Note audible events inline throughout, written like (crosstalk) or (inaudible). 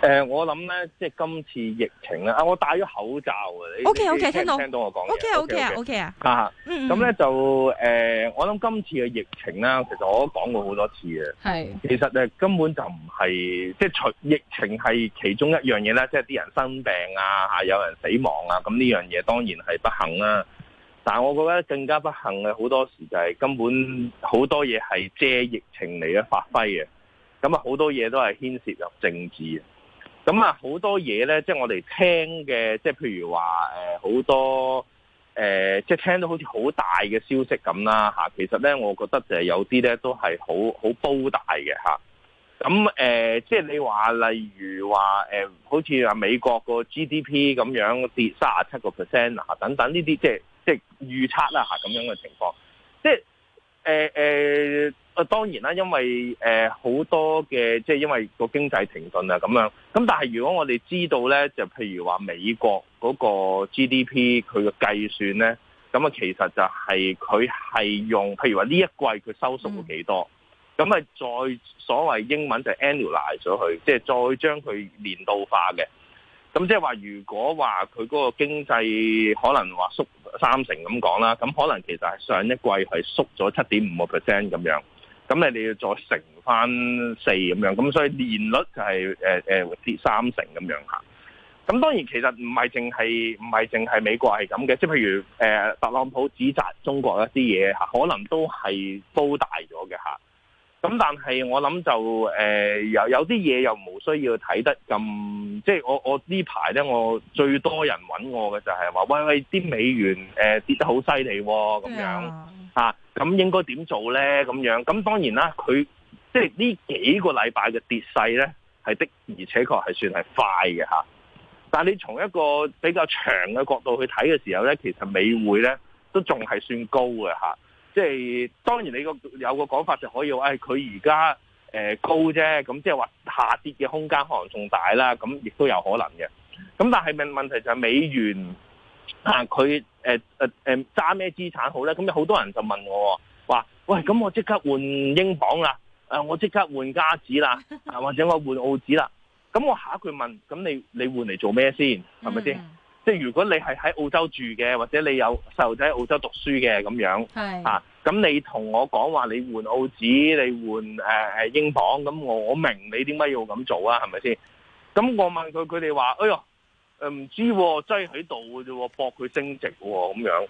誒、呃，我諗咧，即係今次疫情咧，啊，我戴咗口罩嘅。O K O K，聽到聽到我講嘅。O K O K O K 啊。啊，咁咧就誒，我諗今次嘅疫情咧，其實我都講過好多次嘅。係。其實誒根本就唔係，即係除疫情係其中一樣嘢咧，即係啲人生病啊，吓有人死亡啊，咁呢樣嘢當然係不幸啦、啊。但係我覺得更加不幸嘅，好多時就係根本好多嘢係借疫情嚟嘅發揮嘅。咁啊，好多嘢都係牽涉入政治。咁啊，好多嘢咧，即係我哋聽嘅，即係譬如話誒，好、呃、多誒、呃，即係聽到好似好大嘅消息咁啦吓。其實咧，我覺得就係有啲咧都係好好煲大嘅吓。咁誒、呃，即係你話例如話誒、呃，好似啊美國個 GDP 咁樣跌卅七個 percent 吓，等等呢啲即係即係預測啦吓，咁樣嘅情況，即係。即即誒誒，當然啦，因為誒好多嘅，即係因為個經濟停頓啊，咁樣。咁但係如果我哋知道咧，就譬如話美國嗰個 GDP 佢嘅計算咧，咁啊其實就係佢係用譬如話呢一季佢收縮咗幾多，咁、嗯、啊再所謂英文就係 annualize 咗佢，即係再將佢年度化嘅。咁即係話，如果話佢嗰個經濟可能話縮三成咁講啦，咁可能其實係上一季係縮咗七點五個 percent 咁樣，咁你哋要再乘翻四咁樣，咁所以年率就係誒誒跌三成咁樣吓。咁當然其實唔係淨係唔係淨係美國係咁嘅，即係譬如誒、呃、特朗普指責中國一啲嘢吓，可能都係煲大咗嘅吓。咁但係我諗就誒、呃、有有啲嘢，又冇需要睇得咁，即係我我呢排咧我最多人搵我嘅就係、是、話，喂，喂，啲美元誒、呃、跌得好犀利咁樣啊，咁、嗯、應該點做咧咁樣咁、嗯、當然啦，佢即係呢幾個禮拜嘅跌勢咧係的而且確係算係快嘅吓，但係你從一個比較長嘅角度去睇嘅時候咧，其實美匯咧都仲係算高嘅吓。即係當然你個有個講法就可以話，佢、哎呃、而家誒高啫，咁即係話下跌嘅空間可能仲大啦，咁亦都有可能嘅。咁但係問問題就係美元啊，佢誒誒誒揸咩資產好咧？咁有好多人就問我話，喂，咁我即刻換英鎊啦，誒我即刻換加紙啦，啊，或者我換澳紙啦？咁我下一句問，咁你你換嚟做咩先？係咪先？是即係如果你係喺澳洲住嘅，或者你有細路仔喺澳洲讀書嘅咁樣，係啊，咁你同我講話你換澳紙，你換誒誒、呃、英鎊，咁我，我明你點解要咁做啊？係咪先？咁我問佢，佢哋話：哎喲，誒、呃、唔知、哦，擠喺度嘅啫，搏佢升值咁、哦、樣。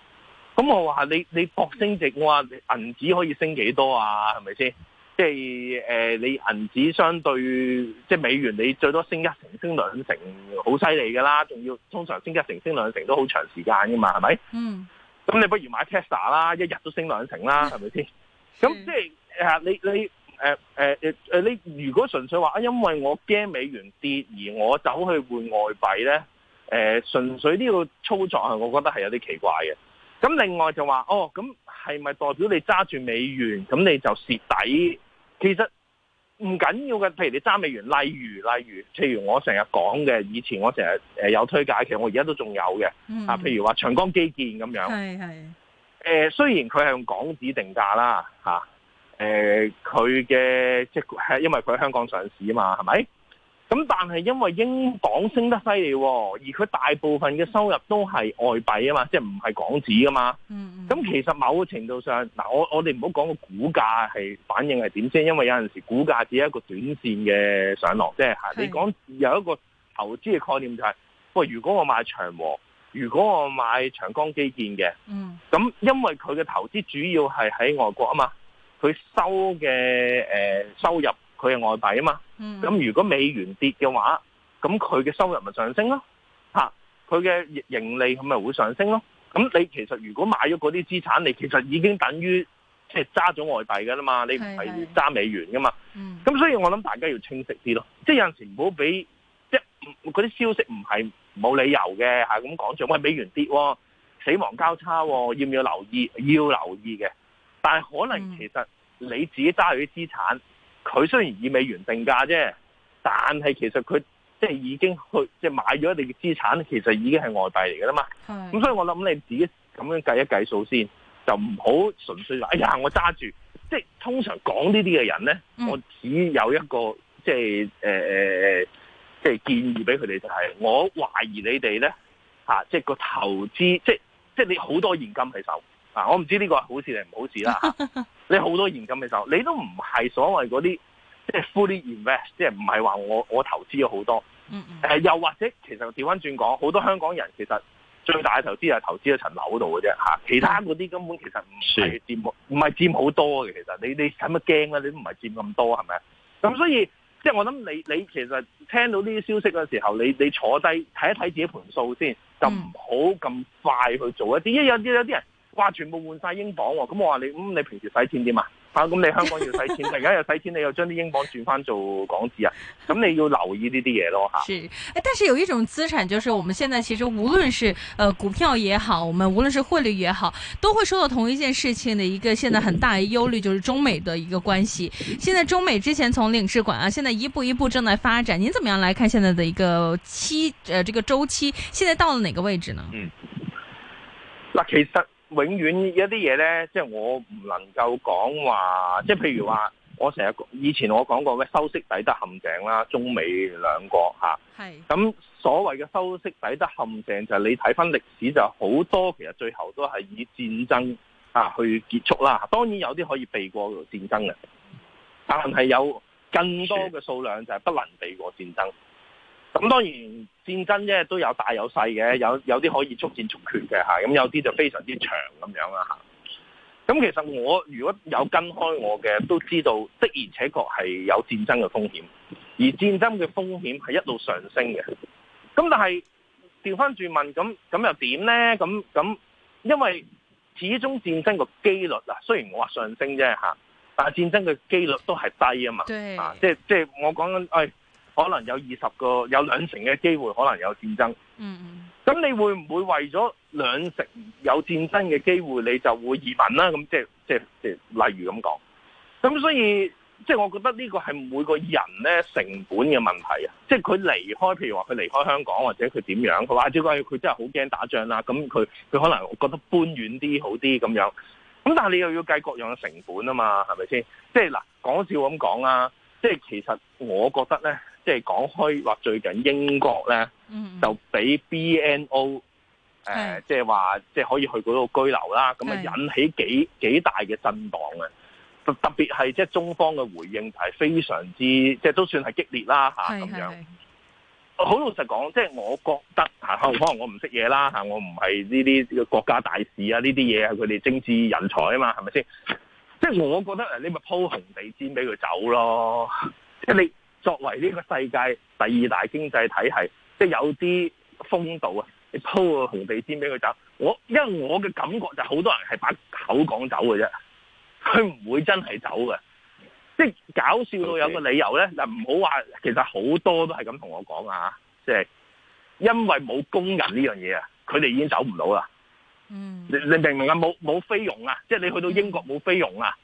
咁我話你你搏升值，我話銀紙可以升幾多少啊？係咪先？即係誒、呃，你銀紙相對即係美元，你最多升一成、升兩成，好犀利㗎啦！仲要通常升一成、升兩成都好長時間㗎嘛，係咪？嗯。咁你不如買 Tesla 啦，一日都升兩成啦，係咪先？咁、嗯、即係誒，你你誒誒誒誒，你如果純粹話啊，因為我驚美元跌，而我走去換外幣咧，誒、呃，純粹呢個操作係，我覺得係有啲奇怪嘅。咁另外就話哦，咁係咪代表你揸住美元，咁你就蝕底？其實唔緊要嘅，譬如你揸美元，例如例如，譬如我成日講嘅，以前我成日誒有推介，其實我而家都仲有嘅，啊、嗯，譬如話長江基建咁樣，係係，誒、呃，雖然佢係用港紙定價啦，吓、呃，誒，佢嘅即係因為佢喺香港上市啊嘛，係咪？咁但係因為英鎊升得犀利，而佢大部分嘅收入都係外幣啊嘛，即係唔係港紙啊嘛。咁、嗯嗯、其實某個程度上，嗱我我哋唔好講個股價係反應係點先，因為有陣時股價只係一個短線嘅上落即係嚇。你講有一個投資嘅概念就係，喂，如果我買長和，如果我買長江基建嘅，咁、嗯、因為佢嘅投資主要係喺外國啊嘛，佢收嘅、呃、收入。佢係外幣啊嘛，咁、嗯、如果美元跌嘅話，咁佢嘅收入咪上升咯，吓佢嘅盈利咪會上升咯。咁你其實如果買咗嗰啲資產，你其實已經等於即係揸咗外幣噶啦嘛，你唔係揸美元噶嘛。咁所以我諗大家要清晰啲咯、嗯，即係有陣時唔好俾即係嗰啲消息唔係冇理由嘅嚇，咁講住喂，美元跌喎、啊，死亡交叉喎、啊，要唔要留意？要留意嘅。但係可能其實你自己揸住啲資產。嗯佢雖然以美元定價啫，但係其實佢即係已經去即係買咗你嘅資產，其實已經係外幣嚟噶啦嘛。咁所以我諗你自己咁樣計一計數先，就唔好純粹話，哎呀，我揸住。即係通常講呢啲嘅人咧，我只有一個即係誒誒，即係、呃、建議俾佢哋就係、是，我懷疑你哋咧嚇，即係個投資，即係即係你好多現金喺手啊！我唔知呢個係好事定唔好事啦。 (laughs) 你好多現金嘅時候，你都唔係所謂嗰啲，即係 fully invest，即係唔係話我我投資咗好多。嗯、mm、嗯 -hmm. 呃。又或者其實調翻轉講，好多香港人其實最大嘅投資就係投資喺層樓度嘅啫吓，其他嗰啲根本其實唔係佔唔係佔好多嘅。其實你你使乜驚咧？你唔係、啊、佔咁多係咪？咁所以即係我諗你你其實聽到呢啲消息嘅時候，你你坐低睇一睇自己盤數先，就唔好咁快去做一啲、mm -hmm.。因為有有啲人。哇！全部換晒英鎊喎，咁、嗯、我話你，咁、嗯、你平時使錢點啊？嚇、嗯，咁你香港要使錢，你而家又使錢，你又將啲英鎊轉翻做港紙啊？咁你要留意呢啲嘢咯嚇。是，但是有一種資產，就是我們現在其實無論是，誒、呃、股票也好，我們無論是匯率也好，都會收到同一件事情的一個現在很大嘅憂慮，就是中美的一個關係。現在中美之前從領事館啊，現在一步一步正在發展。您怎麼樣來看現在的一個期，誒、呃、這個周期，現在到了哪個位置呢？嗯，嗱，其實。永遠一啲嘢，呢，即係我唔能夠講話，即係譬如話我成日以前我講過嘅哎修昔底德陷阱啦，中美兩國吓。係。咁所謂嘅修昔底德陷阱，就係你睇翻歷史就好多，其實最後都係以戰爭啊去結束啦。當然有啲可以避過戰爭嘅，但係有更多嘅數量就係不能避過戰爭。咁當然戰爭咧都有大有細嘅，有有啲可以速戰速決嘅，咁有啲就非常之長咁樣啦。咁其實我如果有跟開我嘅都知道，的而且確係有戰爭嘅風險，而戰爭嘅風險係一路上升嘅。咁但係調翻轉問咁咁又點咧？咁咁因為始終戰爭個機率啊，雖然我話上升啫，但係戰爭嘅機率都係低啊嘛。對啊，即係即係我講緊，哎可能有二十個，有兩成嘅機會可能有戰爭。嗯。咁你會唔會為咗兩成有戰爭嘅機會，你就會移民啦？咁即係即係即係，例如咁講。咁所以即係我覺得呢個係每個人咧成本嘅問題啊。即係佢離開，譬如話佢離開香港或者佢點樣？佢話，照光佢真係好驚打仗啦。咁佢佢可能覺得搬遠啲好啲咁樣。咁但係你又要計各樣嘅成本啊嘛？係咪先？即係嗱，講笑咁講啊！即係其實我覺得咧。即係講開話最近英國咧、嗯，就俾 BNO 誒、呃，即係話即係可以去嗰度居留啦，咁啊引起幾幾大嘅震蕩嘅，特特別係即係中方嘅回應係非常之，即、就、係、是、都算係激烈啦吓咁樣。好老實講，即、就、係、是、我覺得吓，可能我唔識嘢啦吓，我唔係呢啲國家大事啊呢啲嘢係，佢哋政治人才啊嘛，係咪先？即、就、係、是、我覺得你咪鋪紅地毯俾佢走咯，即、就、係、是、你。作為呢個世界第二大經濟體系，即係有啲風度啊！你鋪個紅地毯俾佢走，我因為我嘅感覺就好多人係把口講走嘅啫，佢唔會真係走嘅。即係搞笑到有個理由咧，嗱唔好話，其實好多都係咁同我講啊，即係因為因為冇工人呢樣嘢啊，佢哋已經走唔到啦。嗯、mm.，你你明唔明啊？冇冇菲傭啊？即係你去到英國冇菲傭啊？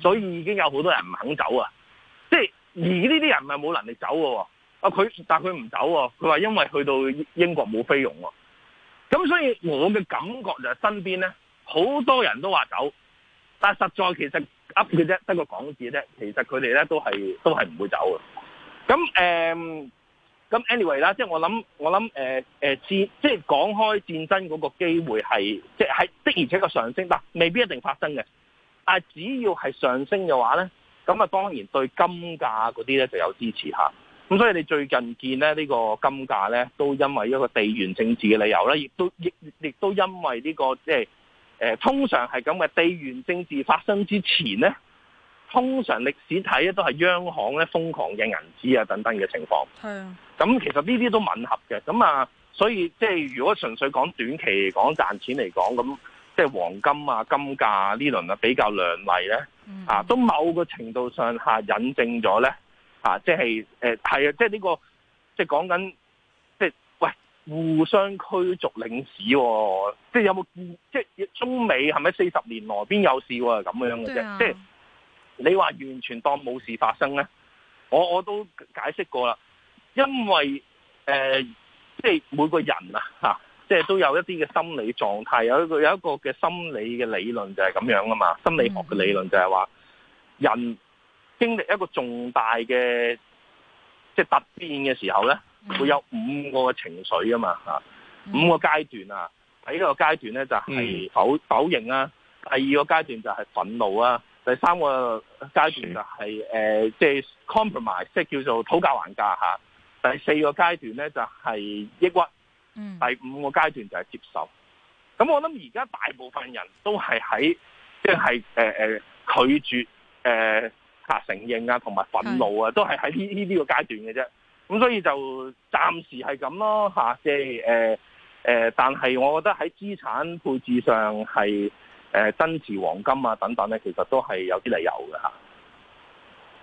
所以已經有好多人唔肯走啊。而呢啲人唔係冇能力走嘅喎，啊，佢但佢唔走喎，佢話因為去到英國冇菲傭喎。咁所以我嘅感覺就係身邊咧好多人都話走，但實在其實噏嘅啫，得個講字啫。其實佢哋咧都係都係唔會走嘅。咁誒咁 anyway 啦，即係我諗我諗誒戰即係講開戰爭嗰個機會係即係的而且確上升，嗱未必一定發生嘅，但只要係上升嘅話咧。咁啊，當然對金價嗰啲咧就有支持嚇。咁所以你最近見咧呢個金價咧，都因為一個地緣政治嘅理由咧，亦都亦亦都因為呢個即係誒，通常係咁嘅地緣政治發生之前咧，通常歷史睇咧都係央行咧瘋狂嘅銀紙啊等等嘅情況。係啊。咁其實呢啲都吻合嘅。咁啊，所以即係如果純粹講短期嚟講賺錢嚟講，咁即係黃金啊、金價呢輪啊比較亮麗咧。Mm -hmm. 啊，都某個程度上下引證咗咧，啊，即係誒，係啊，即係呢個，即係講緊，即係喂，互相驅逐領事喎，即係有冇？即係中美係咪四十年來邊有事喎？咁樣嘅啫，Mm -hmm. 即係你話完全當冇事發生咧，我我都解釋過啦，因為誒，即係每個人啊，嚇。即係都有一啲嘅心理狀態，有一個有一個嘅心理嘅理論就係咁樣啊嘛，心理學嘅理論就係話、嗯、人經歷一個重大嘅即係突變嘅時候咧，會有五個情緒啊嘛、嗯、五個階段啊，喺一個階段咧就係否否認啊，第二個階段就係憤怒啊，第三個階段就係誒即係 compromise，即係叫做討價還價吓、啊，第四個階段咧就係抑鬱。第五個階段就係接受，咁我諗而家大部分人都係喺即係誒誒拒絕誒吓、呃啊、承認啊，同埋憤怒啊，都係喺呢呢階個階段嘅啫。咁所以就暫時係咁咯吓，即係誒誒，但係我覺得喺資產配置上係誒、呃、增持黃金啊等等咧，其實都係有啲理由嘅吓。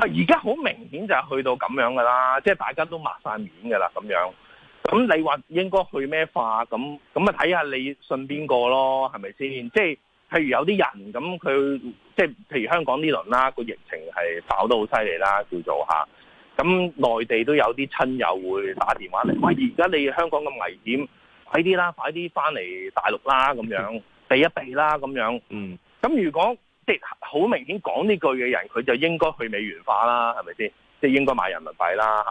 而家好明顯就係去到咁樣噶啦，即係大家都抹晒面噶啦咁樣。咁你話應該去咩化？咁咁咪睇下你信邊個咯，係咪先？即係譬如有啲人咁，佢即係譬如香港呢輪啦，個疫情係爆得好犀利啦，叫做吓。咁內地都有啲親友會打電話嚟，喂！而家你香港咁危險，快啲啦，快啲翻嚟大陸啦，咁樣避一避啦，咁樣。嗯。咁如果即係好明顯講呢句嘅人，佢就應該去美元化啦，係咪先？即係應該買人民幣啦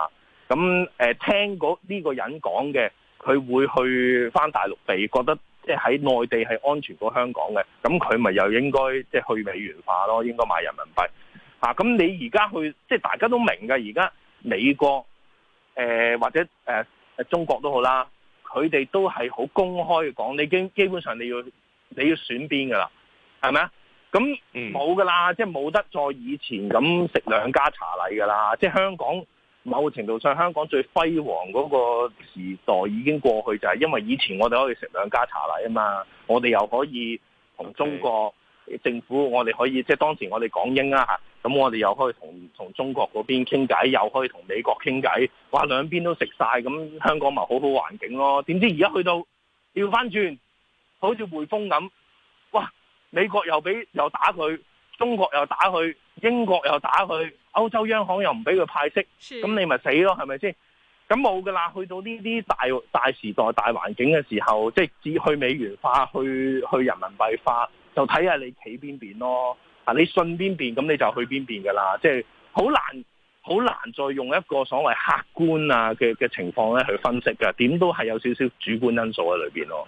嚇。咁、啊、誒聽過呢個人講嘅，佢會去返大陸嚟，覺得即係喺內地係安全過香港嘅。咁佢咪又應該即係去美元化咯？應該買人民幣嚇。咁、啊、你而家去即係大家都明㗎，而家美國誒、呃、或者誒、呃、中國也好都好啦，佢哋都係好公開講，你已經基本上你要你要選邊㗎啦，係咪啊？咁冇噶啦，即係冇得再以前咁食兩家茶禮噶啦。即係香港某程度上，香港最輝煌嗰個時代已經過去，就係因為以前我哋可以食兩家茶禮啊嘛。我哋又可以同中國政府，okay. 我哋可以即係當時我哋港英啊，咁我哋又可以同同中國嗰邊傾偈，又可以同美國傾偈。哇，兩邊都食晒，咁香港咪好好環境咯？點知而家去到掉翻轉，好似匯豐咁，哇！美國又俾又打佢，中國又打佢，英國又打佢，歐洲央行又唔俾佢派息，咁你咪死咯，係咪先？咁冇噶啦，去到呢啲大大時代、大環境嘅時候，即係至去美元化、去去人民幣化，就睇下你企邊邊咯。啊，你信邊邊，咁你就去邊邊噶啦。即係好難，好難再用一個所謂客觀啊嘅嘅情況咧去分析㗎，點都係有少少主觀因素喺裏邊咯。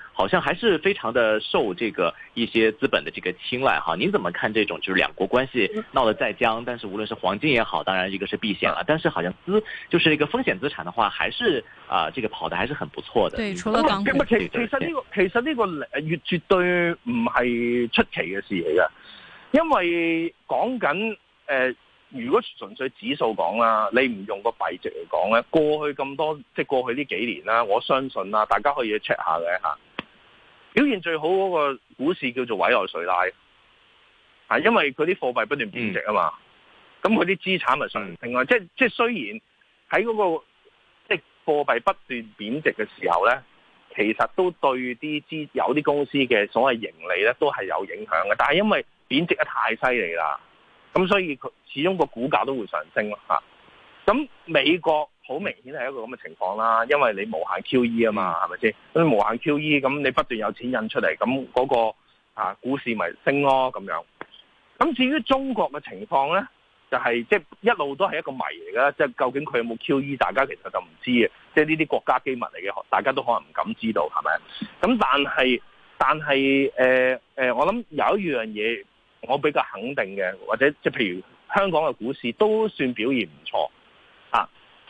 好像還是非常的受這個一些資本的這個青睞哈，你怎麼看這種就是兩國關係鬧得再僵，但是無論是黃金也好，當然一個是避險了，但是好像資就是一個風險資產的話，還是啊、呃、這個跑的還是很不錯的。對，除了港股，其實呢個，其實呢個，絕對唔係出奇嘅事嚟嘅。因為講緊誒、呃，如果純粹指數講啦，你唔用個幣值嚟講呢，過去咁多即係過去呢幾年啦，我相信啦，大家可以 check 下嘅吓。表現最好嗰個股市叫做委內瑞拉，啊，因為佢啲貨幣不斷貶值啊嘛，咁佢啲資產咪上升咯。即係即係雖然喺嗰、嗰個即貨幣不斷貶值嘅時候咧，其實都對啲資有啲公司嘅所謂盈利咧都係有影響嘅。但係因為貶值得太犀利啦，咁所以佢始終個股價都會上升咯嚇。咁美國。好明顯係一個咁嘅情況啦，因為你無限 QE 啊嘛，係咪先？咁你無限 QE，咁你不斷有錢印出嚟，咁嗰個啊股市咪升咯咁樣。咁至於中國嘅情況呢，就係即係一路都係一個謎嚟嘅，即係究竟佢有冇 QE，大家其實就唔知嘅。即係呢啲國家機密嚟嘅，大家都可能唔敢知道，係咪？咁但係但係誒誒，我諗有一樣嘢我比較肯定嘅，或者即係譬如香港嘅股市都算表現唔錯。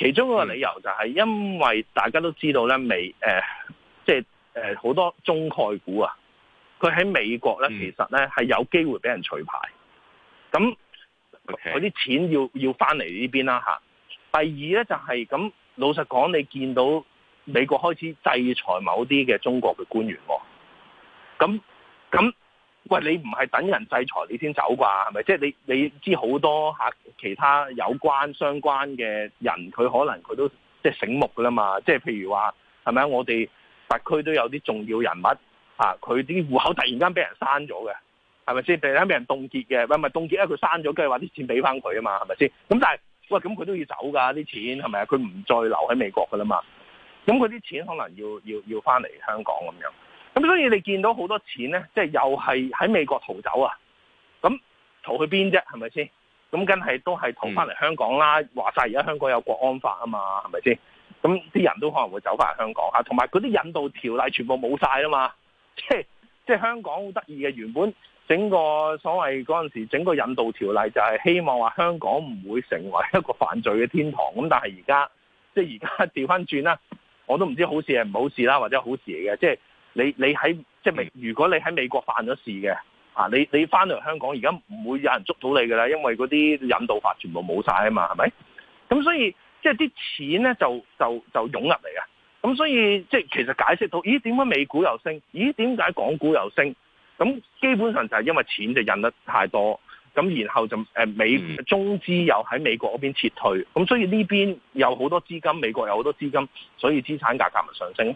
其中一個理由就係因為大家都知道咧，美誒、呃，即係誒好多中概股啊，佢喺美國咧其實咧係有機會俾人除牌，咁嗰啲錢要要翻嚟呢邊啦嚇。第二咧就係、是、咁，老實講，你見到美國開始制裁某啲嘅中國嘅官員喎、啊，咁咁。咁喂，你唔係等人制裁你先走啩？係咪？即係你你知好多嚇其他有關相關嘅人，佢可能佢都即係醒目噶啦嘛。即係譬如話係咪啊？我哋特區都有啲重要人物嚇，佢啲戶口突然間俾人刪咗嘅，係咪先？突然間俾人凍結嘅？唔係凍結咧，佢刪咗，跟住話啲錢俾翻佢啊嘛？係咪先？咁但係喂，咁佢都要走噶啲錢係咪啊？佢唔再留喺美國噶啦嘛？咁佢啲錢可能要要要翻嚟香港咁樣。咁所以你見到好多錢呢，即係又係喺美國逃走啊！咁逃去邊啫？係咪先？咁梗係都係逃翻嚟香港啦。話晒而家香港有國安法啊嘛，係咪先？咁啲人都可能會走翻嚟香港啊。同埋嗰啲引渡條例全部冇晒啊嘛！即係即係香港好得意嘅，原本整個所謂嗰陣時整個引渡條例就係希望話香港唔會成為一個犯罪嘅天堂。咁但係而家即係而家調翻轉啦，我都唔知好事係唔好事啦，或者好事嚟嘅，即係。你你喺即如果你喺美國犯咗事嘅，啊，你你翻到香港而家唔會有人捉到你噶啦，因為嗰啲引渡法全部冇晒啊嘛，係咪？咁所以即啲錢呢就就就湧入嚟㗎。咁所以即其實解釋到，咦？點解美股又升？咦？點解港股又升？咁基本上就係因為錢就印得太多，咁然後就美中資又喺美國嗰邊撤退，咁所以呢邊有好多資金，美國有好多資金，所以資產價格咪上升。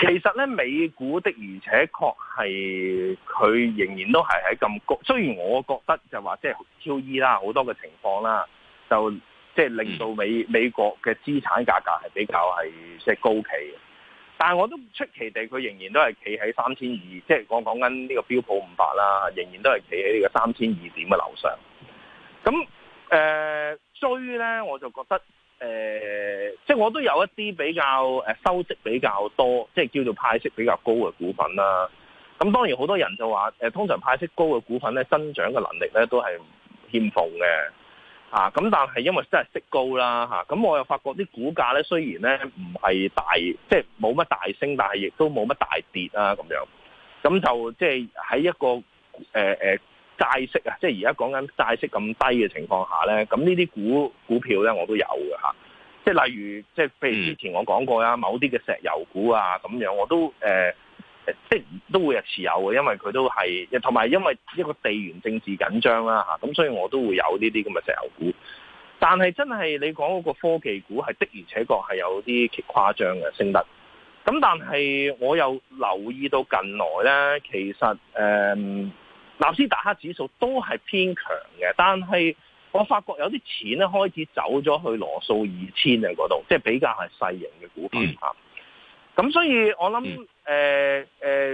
其實咧，美股的而且確係佢仍然都係喺咁高。雖然我覺得就話即係 QE 啦，好多嘅情況啦，就即係令到美美國嘅資產價格係比較係即係高企，但係我都出奇地，佢仍然都係企喺三千二，即係我講緊呢個標普五百啦，仍然都係企喺呢個三千二點嘅樓上。咁誒追咧，我就覺得。誒、呃，即係我都有一啲比較誒、呃，收息比較多，即係叫做派息比較高嘅股份啦。咁當然好多人就話，誒、呃，通常派息高嘅股份咧，增長嘅能力咧都係欠奉嘅，吓、啊。咁但係因為真係息高啦，吓、啊。咁我又發覺啲股價咧，雖然咧唔係大，即係冇乜大升，但係亦都冇乜大跌啦、啊。咁樣。咁就即係喺一個誒誒。呃呃債息啊，即係而家講緊債息咁低嘅情況下呢，咁呢啲股股票呢，我都有嘅嚇。即係例如，即係譬如之前我講過啊、嗯，某啲嘅石油股啊咁樣，我都誒、呃，即都會係持有嘅，因為佢都係同埋因為一個地緣政治緊張啦嚇，咁、啊、所以我都會有呢啲咁嘅石油股。但係真係你講嗰個科技股係的而且確係有啲幾誇張嘅升得。咁但係我又留意到近來呢，其實誒。呃納斯達克指數都係偏強嘅，但係我發覺有啲錢咧開始走咗去羅素二千嘅嗰度，即係比較係細型嘅股份吓。咁、嗯、所以我諗，誒、呃、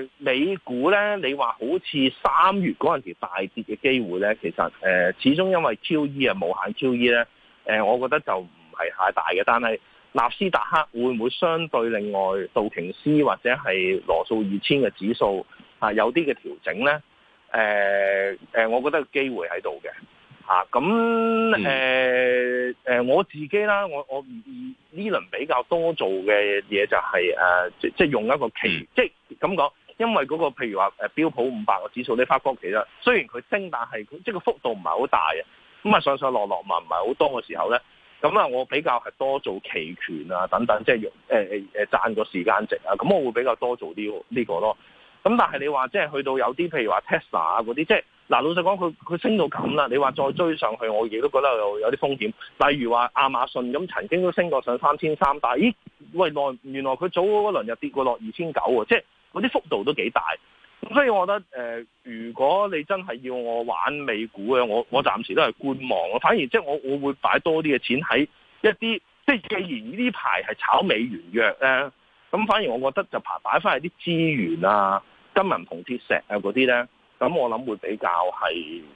誒，美股咧，你話好似三月嗰陣時大跌嘅機會咧，其實誒、呃，始終因為 QE 啊，無限 QE 咧，誒，我覺得就唔係太大嘅。但係納斯達克會唔會相對另外道瓊斯或者係羅素二千嘅指數啊，有啲嘅調整咧？誒、呃、誒、呃，我覺得個機會喺度嘅嚇，咁誒誒，我自己啦，我我呢輪比較多做嘅嘢就係、是、誒，即、啊、即、就是、用一個期、嗯，即咁講，因為嗰、那個譬如話誒、啊、標普五百個指數你發覺其實啦，雖然佢升，但係佢即個幅度唔係好大嘅，咁、嗯、啊上上落落嘛唔係好多嘅時候咧，咁啊我比較係多做期權啊等等，即用誒誒誒賺個時間值啊，咁我會比較多做啲、這、呢、個這個咯。咁、嗯、但係你話即係去到有啲譬如話 Tesla 嗰啲，即係嗱、啊、老實講，佢佢升到咁啦，你話再追上去，我亦都覺得有啲風險。例如話亞馬遜咁、嗯，曾經都升過上三千三，但係咦喂，原來原來佢早嗰輪又跌過落二千九喎，即係嗰啲幅度都幾大。咁所以我覺得誒、呃，如果你真係要我玩美股嘅，我我暫時都係觀望。反而即係我我會擺多啲嘅錢喺一啲即係既然呢排係炒美元弱咧，咁、呃、反而我覺得就排擺翻一啲資源啊。金銀銅鐵石啊嗰啲咧，咁我諗會比較係，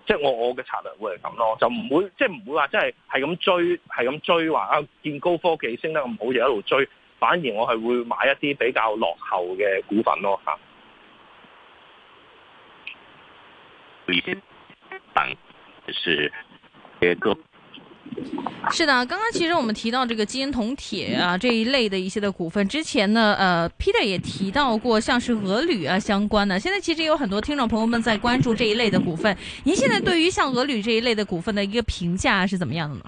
即係我我嘅策略會係咁咯，就唔會即係唔會話即係係咁追係咁追話啊，見高科技升得咁好就一路追，反而我係會買一啲比較落後嘅股份咯嚇等。是的，剛剛其實我們提到這個金銀銅鐵啊這一類的一些的股份，之前呢，呃 Peter 也提到過，像是俄鋁啊相關的，現在其實有很多聽眾朋友們在關注這一類的股份。您現在對於像俄鋁這一類的股份的一個評價是怎麼樣的呢？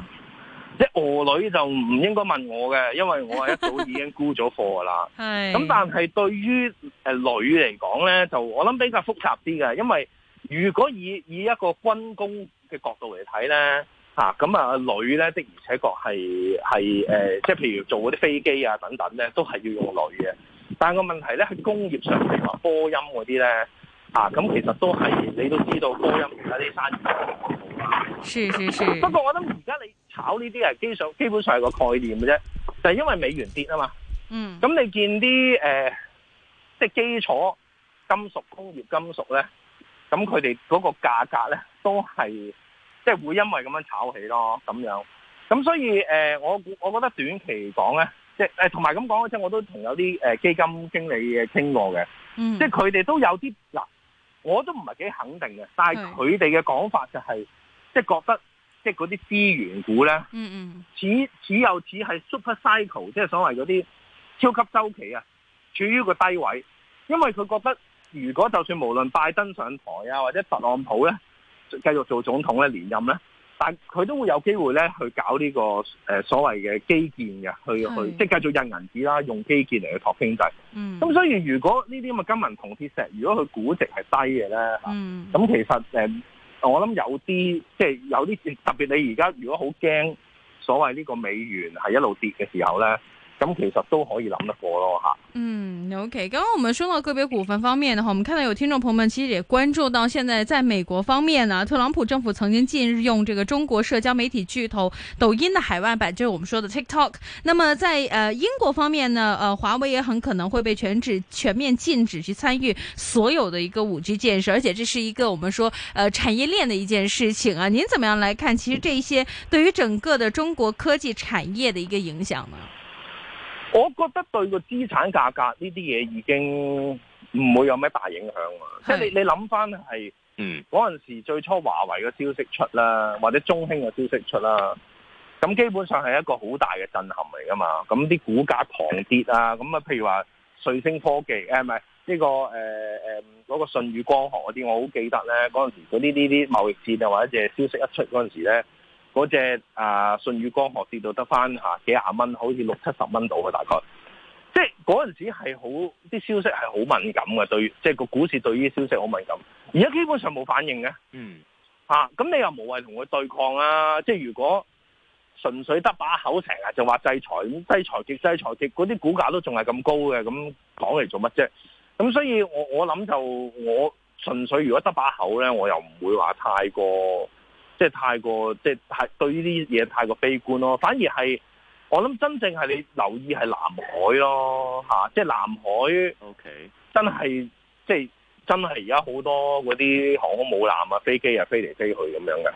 俄鋁就唔應該問我嘅，因為我一早已經沽咗貨啦係。咁 (laughs) 但係對於誒鋁嚟講呢就我諗比較複雜啲嘅，因為如果以以一個軍工嘅角度嚟睇呢啊，咁啊，鋁咧的而且確係係誒，即係、呃、譬如做嗰啲飛機啊等等咧，都係要用鋁嘅。但個問題咧，喺工業上譬如話波音嗰啲咧，啊咁其實都係你都知道波音而家啲生意唔好啊。係係係。不過我諗而家你炒呢啲係基本上基本上係個概念嘅啫，就係、係、因為美元跌啊嘛。嗯。咁你見啲誒、呃，即係基礎金屬、工業金屬咧，咁佢哋嗰個價格咧都係。即係會因為咁樣炒起咯，咁樣咁所以誒、呃，我我覺得短期嚟講咧，即係誒，同埋咁講嘅我都同有啲誒、呃、基金經理嘅傾過嘅、嗯，即係佢哋都有啲嗱，我都唔係幾肯定嘅，但係佢哋嘅講法就係、是，即係覺得即係嗰啲資源股咧，似似又似係 super cycle，即係所謂嗰啲超級週期啊，處於個低位，因為佢覺得如果就算無論拜登上台啊，或者特朗普咧。繼續做總統咧連任咧，但佢都會有機會咧去搞呢個誒所謂嘅基建嘅，去去即係繼續印銀紙啦，用基建嚟去托經濟。咁、嗯、所以如果呢啲咁嘅金銀銅鐵石，如果佢估值係低嘅咧，咁、嗯、其實誒，我諗有啲即係有啲特別，你而家如果好驚所謂呢個美元係一路跌嘅時候咧。咁其實都可以諗得過咯哈嗯，OK。剛剛我們說到個別股份方面的話，我們看到有聽眾朋友們其實也關注到，現在在美國方面呢，啊，特朗普政府曾經禁用這個中國社交媒體巨頭抖音的海外版，就是我們說的 TikTok。那麼在呃英國方面呢，呃華為也很可能會被全指全面禁止去參與所有的一個五 G 建設，而且這是一個我們說呃產業鏈的一件事情啊。您怎麼樣來看？其實這一些對於整個的中國科技產業的一個影響呢？我覺得對個資產價格呢啲嘢已經唔會有咩大影響啊！即係、就是、你你諗翻係，嗯嗰陣時最初華為嘅消息出啦，或者中興嘅消息出啦，咁基本上係一個好大嘅震撼嚟㗎嘛！咁啲股價狂跌啊！咁啊，譬如話瑞聲科技誒唔係呢個誒誒嗰個舜宇光學嗰啲，我好記得咧嗰陣時那些，嗰啲啲啲貿易戰啊，或者係消息一出嗰陣時咧。嗰隻啊舜宇光學跌到得返嚇幾廿蚊，好似六七十蚊度嘅大概， (laughs) 即係嗰陣時係好啲消息係好敏感嘅對，即係個股市對於啲消息好敏感，而家基本上冇反應嘅，嗯咁、啊、你又無謂同佢對抗啊！即係如果純粹得把口成日就話制裁制裁極制裁極，嗰啲股價都仲係咁高嘅，咁講嚟做乜啫？咁所以我我諗就我純粹如果得把口咧，我又唔會話太過。即係太過，即係對呢啲嘢太過悲觀咯。反而係我諗真正係你留意係南海咯，嚇、啊！即係南海真係，OK，是真係即係真係而家好多嗰啲航空母艦啊、飛機啊飛嚟飛去咁樣嘅。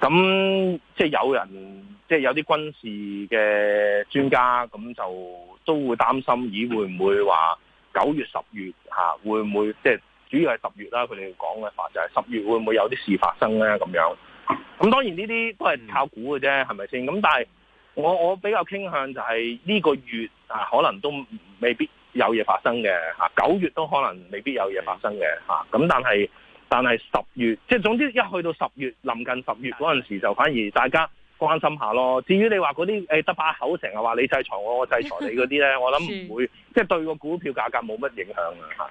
咁即係有人，即係有啲軍事嘅專家，咁就都會擔心咦、啊，會唔會話九月、十月嚇，會唔會即係主要係十月啦、啊？佢哋講嘅話就係十月會唔會有啲事發生咧？咁樣。咁、啊、當然呢啲都係靠估嘅啫，係咪先？咁但係我我比較傾向就係呢個月啊，可能都未必有嘢發生嘅吓，九、啊、月都可能未必有嘢發生嘅吓。咁、啊、但係但係十月，即係總之一去到十月，臨近十月嗰陣時，就反而大家關心下咯。至於你話嗰啲誒得把口成日，話你制裁我，我制裁你嗰啲咧， (laughs) 我諗唔會，即係對個股票價格冇乜影響啊。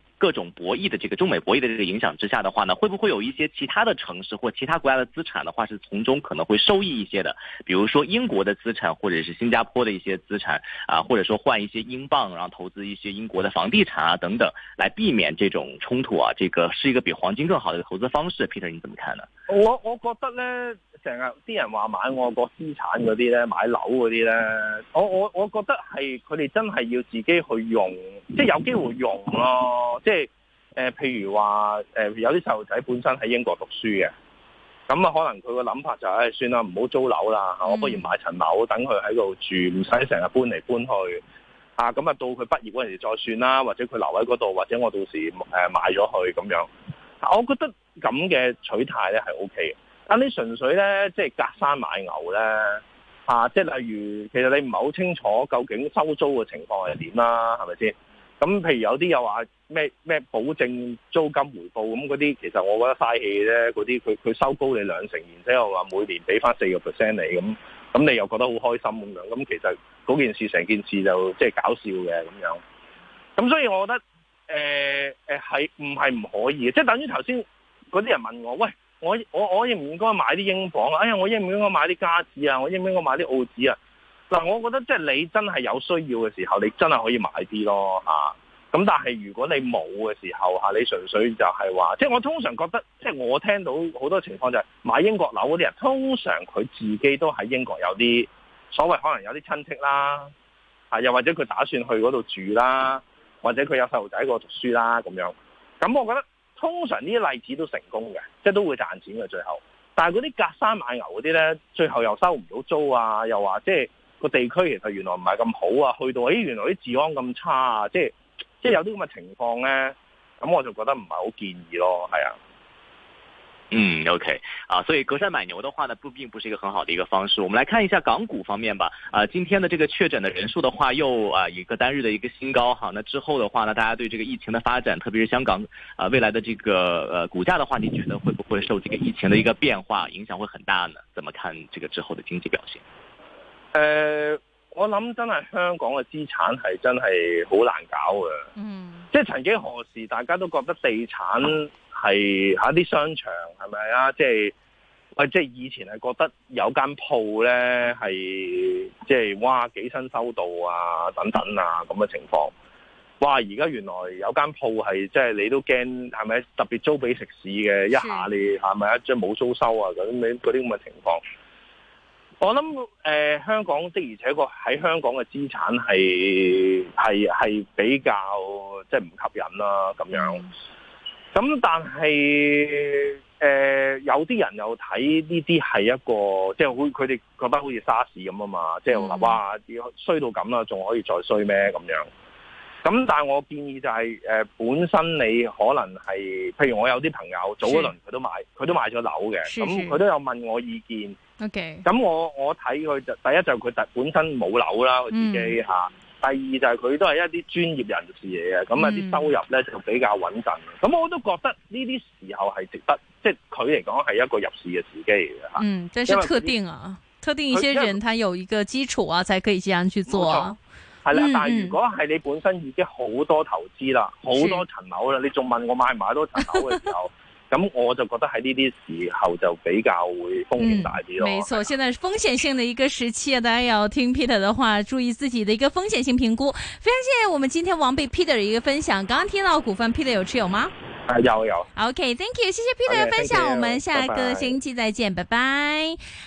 各種博弈的這個中美博弈的這個影響之下的話呢，會不會有一些其他的城市或其他國家的資產的話是從中可能會受益一些的？比如說英國的資產，或者是新加坡的一些資產啊，或者說換一些英鎊，然後投資一些英國的房地產啊等等，來避免這種衝突啊。這個是一個比黃金更好的投資方式。Peter，你怎麼看呢？我我覺得呢，成日啲人話買外國資產嗰啲呢，買樓嗰啲呢，我我我覺得係佢哋真係要自己去用，即係有機會用咯，即係誒，譬如話誒，有啲細路仔本身喺英國讀書嘅，咁啊，可能佢個諗法就係誒，算啦，唔好租樓啦，我不如買層樓，等佢喺度住，唔使成日搬嚟搬去啊。咁啊，到佢畢業嗰陣時再算啦，或者佢留喺嗰度，或者我到時誒買咗去咁樣。我覺得咁嘅取態咧係 O K 嘅，但你純粹咧，即係隔山買牛，咧即係例如，其實你唔係好清楚究竟收租嘅情況係點啦，係咪先？咁譬如有啲又話咩咩保證租金回報，咁嗰啲其實我覺得嘥氣呢。嗰啲佢佢收高你兩成，然之後話每年俾翻四個 percent 你，咁咁你又覺得好開心咁樣。咁其實嗰件事成件事就即係、就是、搞笑嘅咁樣。咁所以我覺得誒誒係唔係唔可以？即係等於頭先嗰啲人問我，喂，我我我應唔應該買啲英鎊啊？哎呀，我應唔應該買啲加紙啊？我應唔應該買啲澳紙啊？嗱，我覺得即係你真係有需要嘅時候，你真係可以買啲咯，啊！咁但係如果你冇嘅時候嚇，你純粹就係話，即係我通常覺得，即係我聽到好多情況就係買英國樓嗰啲人，通常佢自己都喺英國有啲所謂可能有啲親戚啦，嚇又或者佢打算去嗰度住啦，或者佢有細路仔喺嗰度讀書啦咁樣。咁我覺得通常呢啲例子都成功嘅，即係都會賺錢嘅最後。但係嗰啲隔山買牛嗰啲呢，最後又收唔到租啊，又話即係。個地區其實原來唔係咁好啊，去到咦、哎、原來啲治安咁差啊，即係即係有啲咁嘅情況呢。咁我就覺得唔係好建議咯，係啊。嗯，OK，啊，所以隔山買牛的話呢，不並不是一個很好的一個方式。我們來看一下港股方面吧。啊，今天的這個確診的人數的話，又啊一個單日的一個新高哈、啊。那之後的話呢，大家對這個疫情的發展，特別是香港啊未來的這個呃股價的話，你覺得會不會受這個疫情的一個變化影響會很大呢？怎麼看這個之後的經濟表現？誒、呃，我諗真係香港嘅資產係真係好難搞嘅，嗯、mm.，即係曾幾何時大家都覺得地產係喺啲商場係咪啊？即、就、係、是，即、啊、係、就是、以前係覺得有間鋪咧係，即係、就是、哇幾新收到啊等等啊咁嘅情況。哇！而家原來有間鋪係即係你都驚係咪？是是特別租俾食肆嘅一下你係咪一張冇租收啊？咁你嗰啲咁嘅情況。我諗，誒、呃、香港的而且個喺香港嘅資產係係係比較即係唔吸引啦、啊、咁樣。咁但係誒、呃、有啲人又睇呢啲係一個，即係佢佢哋覺得好似沙士 r s 咁啊嘛，即係話哇衰到咁啦，仲可以再衰咩咁樣？咁但係我建議就係、是、誒、呃，本身你可能係，譬如我有啲朋友早一輪佢都買，佢都買咗樓嘅，咁佢都有問我意見。OK，咁我我睇佢就第一就佢本身冇樓啦，佢自己吓、嗯啊。第二就係佢都係一啲專業人士嚟嘅，咁啊啲收入咧、嗯、就比較穩陣。咁我都覺得呢啲時候係值得，即係佢嚟講係一個入市嘅時機嚟嘅吓。嗯，即係特定啊，特定一些人，他有一個基礎啊，才可以這樣去做、啊。係啦，但係如果係你本身已經好多投資啦，好多層樓啦，你仲問我買唔買多層樓嘅時候？ (laughs) 咁我就覺得喺呢啲時候就比較會風險大啲咯。沒錯，現在是風險性的一個時期啊，大家要聽 Peter 的話，注意自己的一個風險性評估。非常謝謝我們今天王弼 Peter 的一個分享。剛剛聽到股份，Peter 有持有嗎？啊，有有。OK，thank、okay, you，謝謝 Peter 的、okay, 分享 okay,。我們下個星期再見，拜拜。拜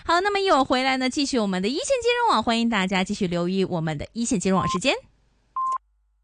拜。好，那麼一會兒回來呢，繼續我們的一線金融網，歡迎大家繼續留意我們的一線金融網時間。